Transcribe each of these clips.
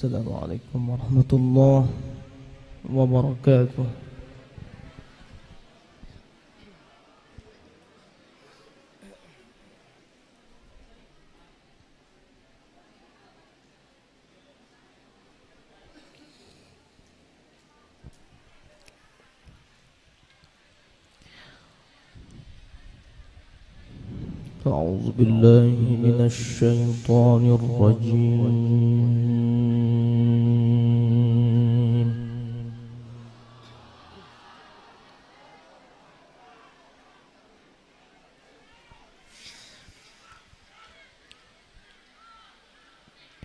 السلام عليكم ورحمة الله وبركاته أعوذ بالله من الشيطان الرجيم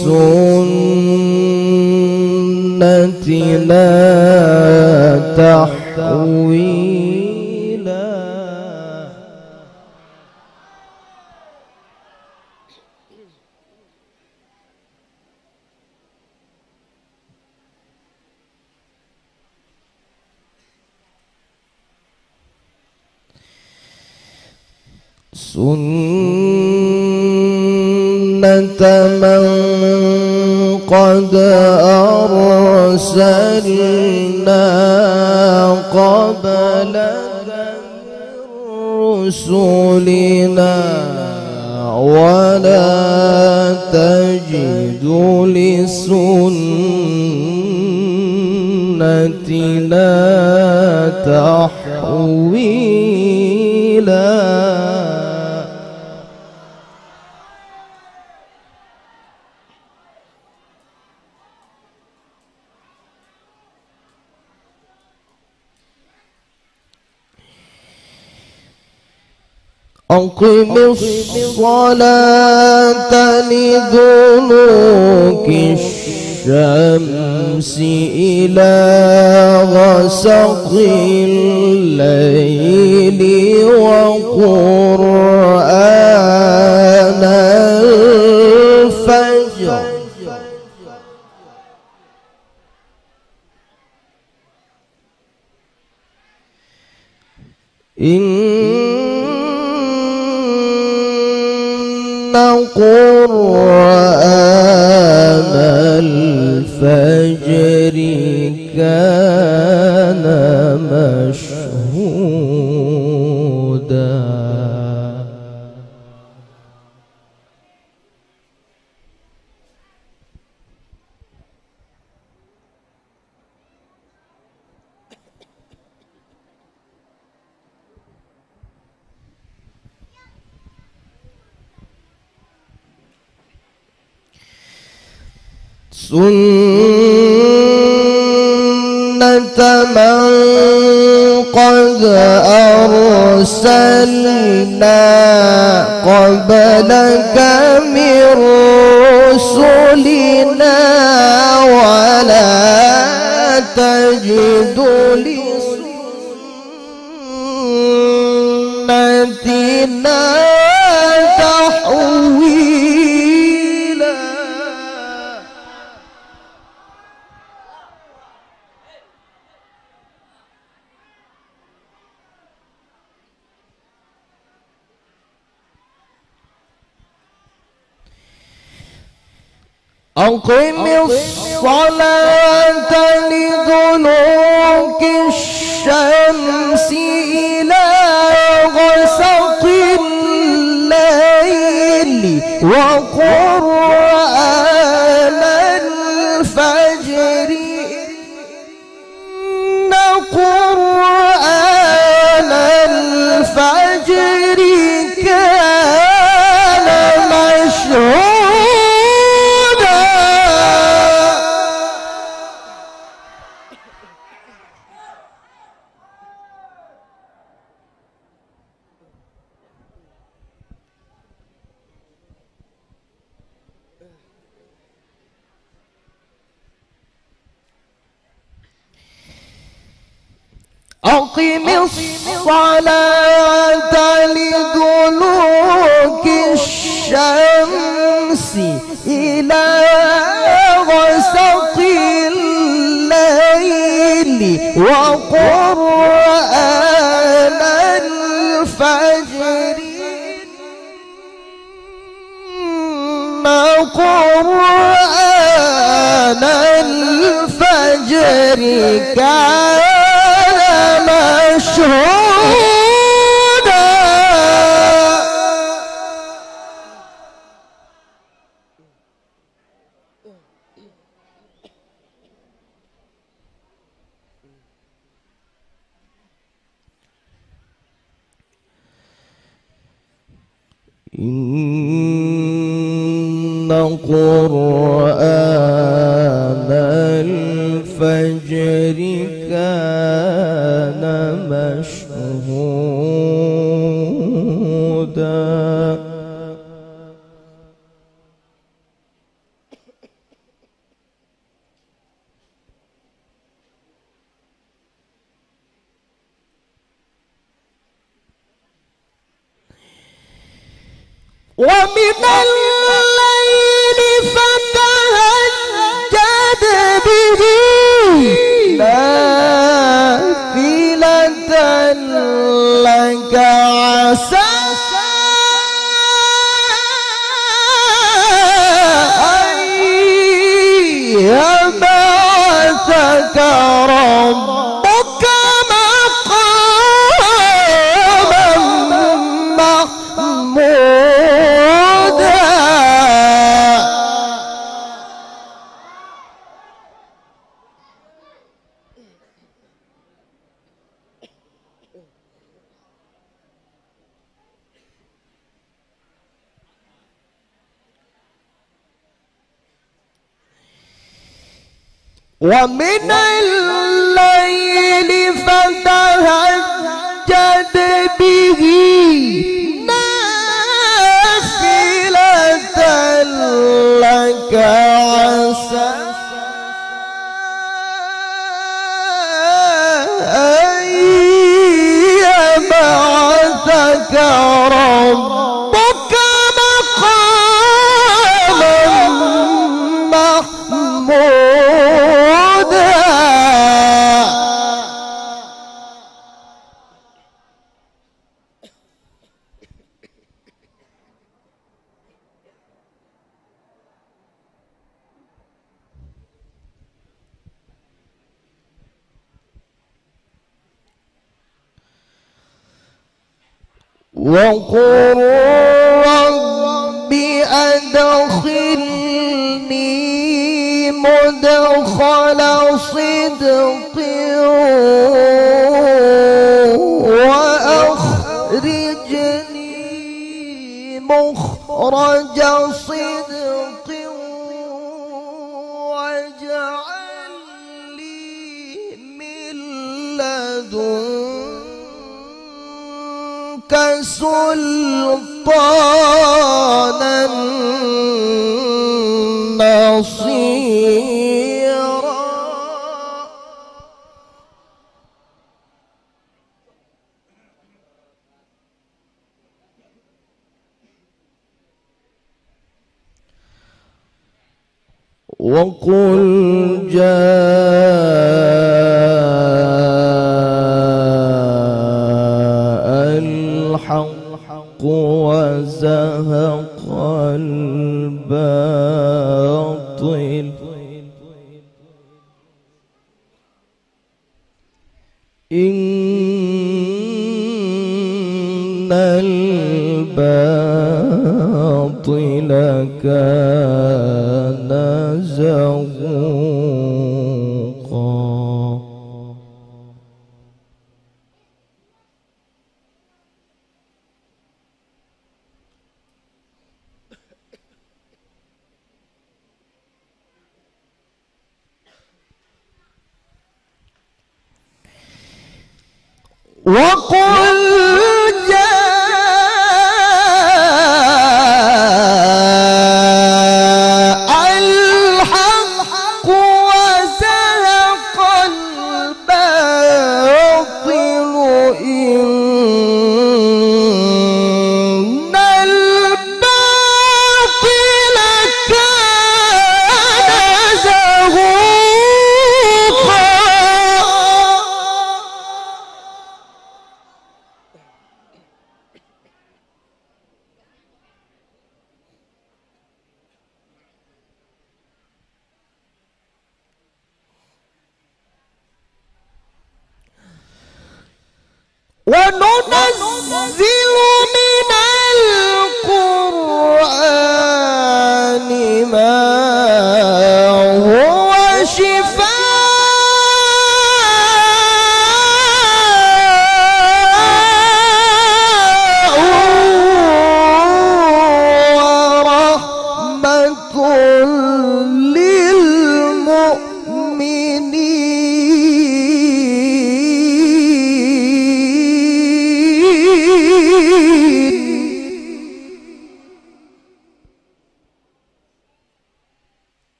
السنة لا تحويلا سنة كنت من قد أرسلنا قبلك من رسلنا ولا تجد لسنتنا تحويلا أقم الصلاة لدلوك الشمس إلى غسق الليل وقرآن الفجر إن قرآن الفجر كان سنة من قد أرسلنا قبلك من رسلنا ولا تجد لسنتنا أقم الصلاة لدلوك الشمس إلى غسق الليل وقم أقم الصلاة لدلوك الشمس إلى غسق الليل وقرآن الفجر قرآن الفجر كان إن قرآن الفجر كان مشهورا سعي بعثك ومن الليل فتهجد به وقل رب أدخلني مدخل صدق وأخرجني مخرج صدق كنت سلطانا نصيرا وقل جاء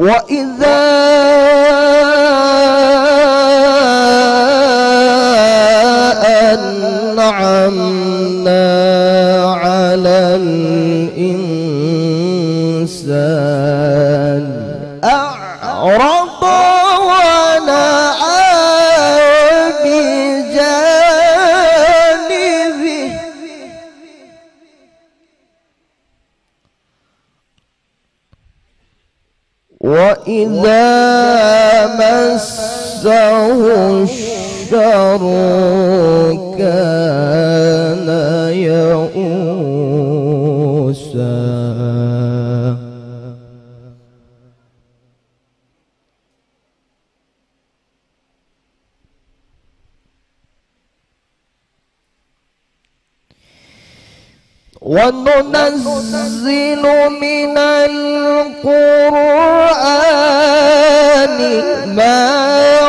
وإذا كان يئوسا وننزل من القرآن ما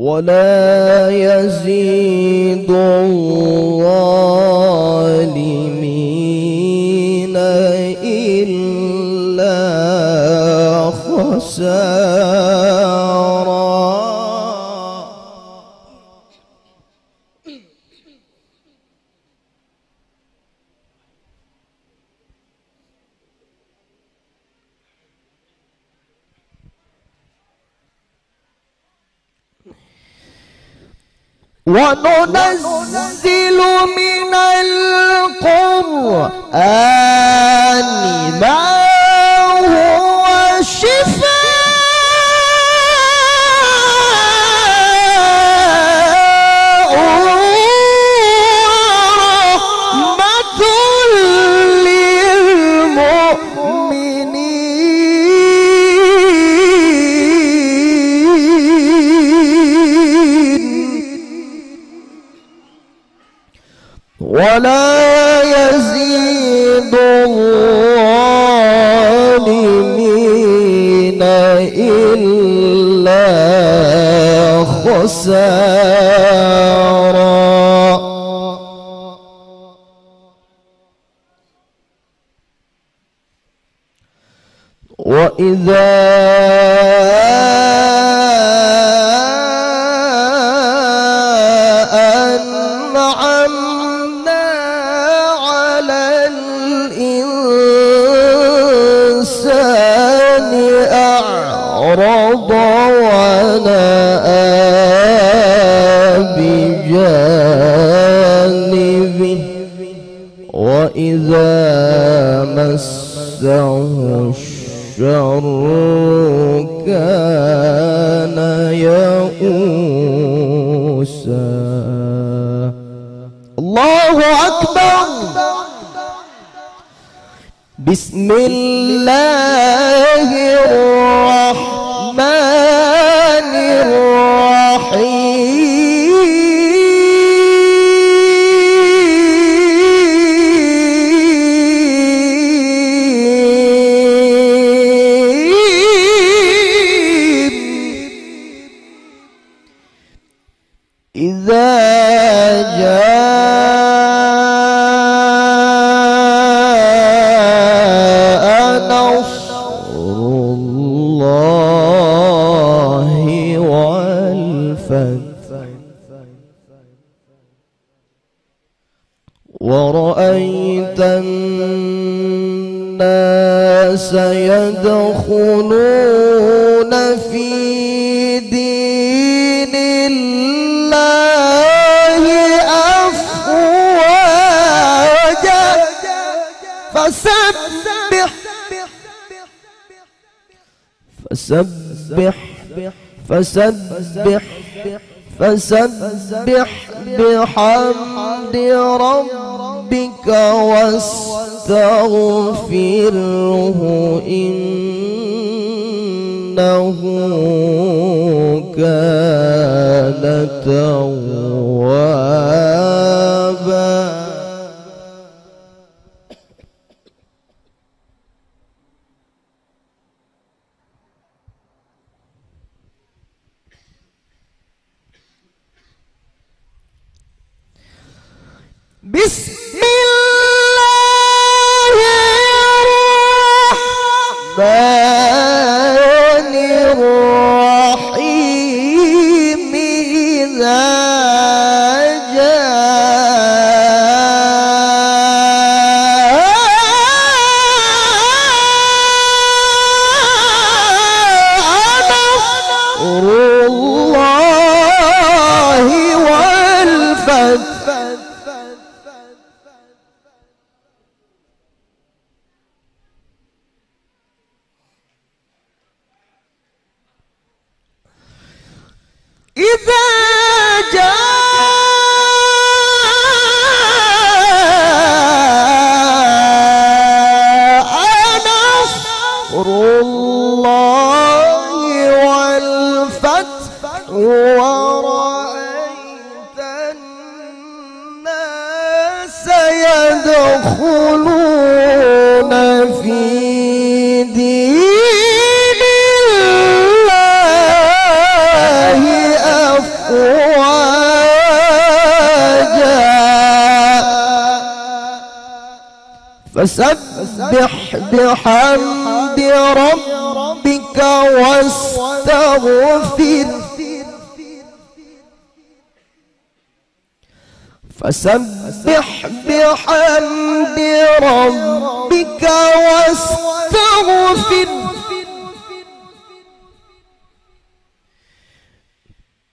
ولا يزيد الظالمين إلا خسارا وننزل من القرآن ولا يزيد الظالمين إلا خسارا وإذا كان يئوسا الله أكبر بسم الله الرحمن ورأيت الناس يدخلون في دين الله أفواجا فسبح فسبح فسبح فسبح بحمد ربك واستغفره إنه كان توابا بحمد ربك واستغفر فسبح بحمد ربك واستغفر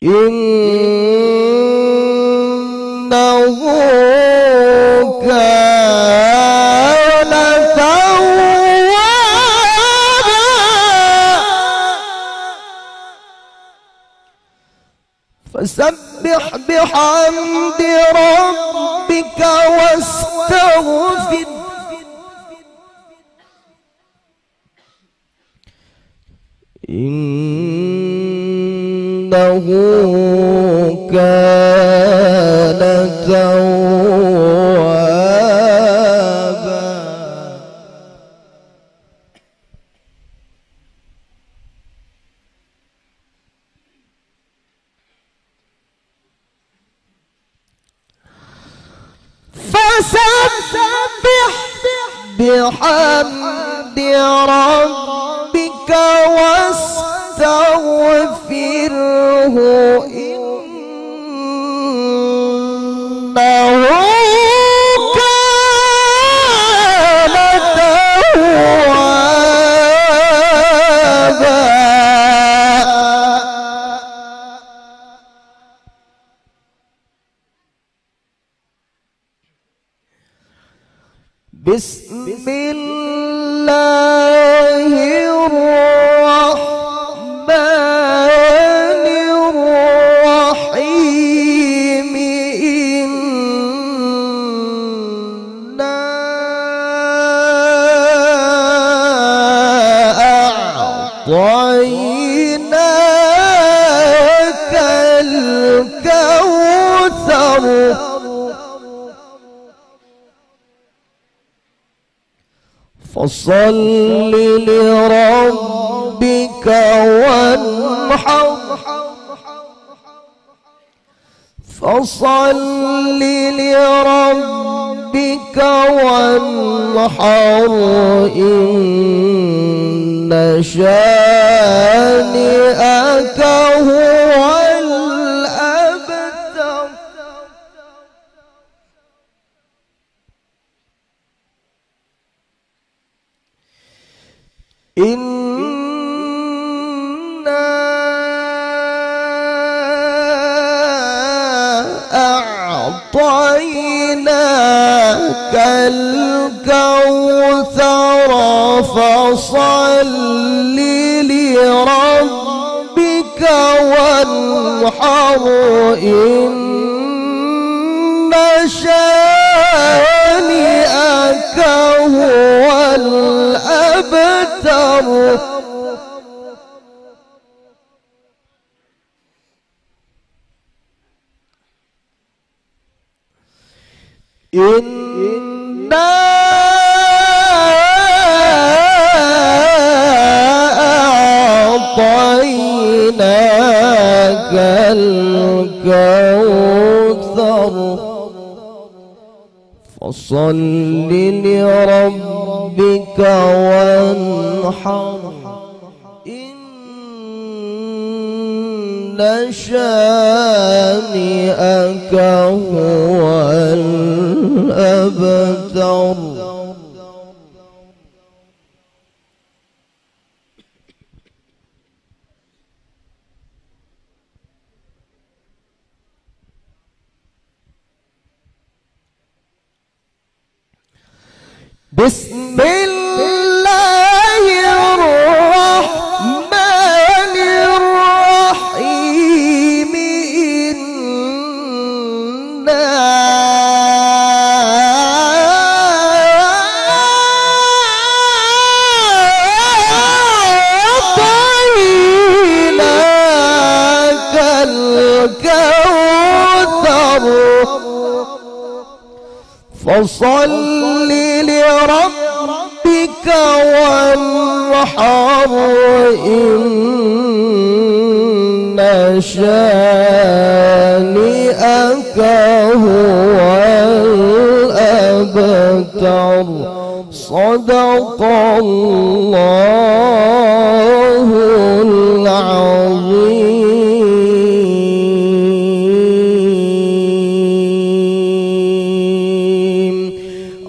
إنه فسبح بحمد ربك واستغفر إنه كان توبا بسم الله صل لربك وانحر فصل لربك وانحر إن شانئك هو إنا أعطيناك الكوثر فصل لربك وانحر إن شانئك هو الأرض الأقدار إنا أعطيناك الكوثر فصل شانئك هو الأبتر بسم الله صل لربك وانحر إن شانئك هو الأبتر صدق الله العظيم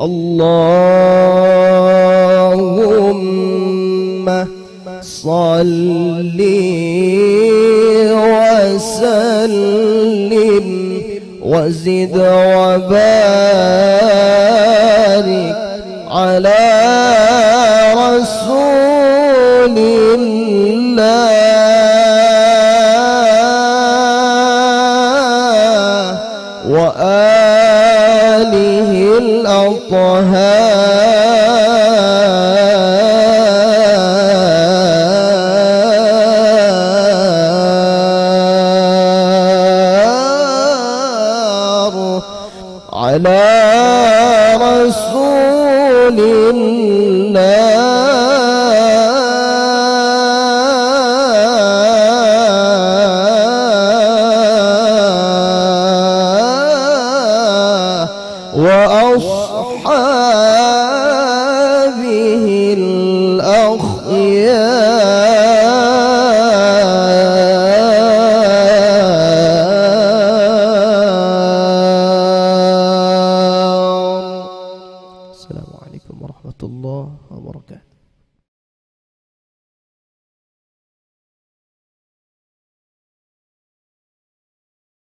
اللهم صل وسلم وزد وبارك على على رسول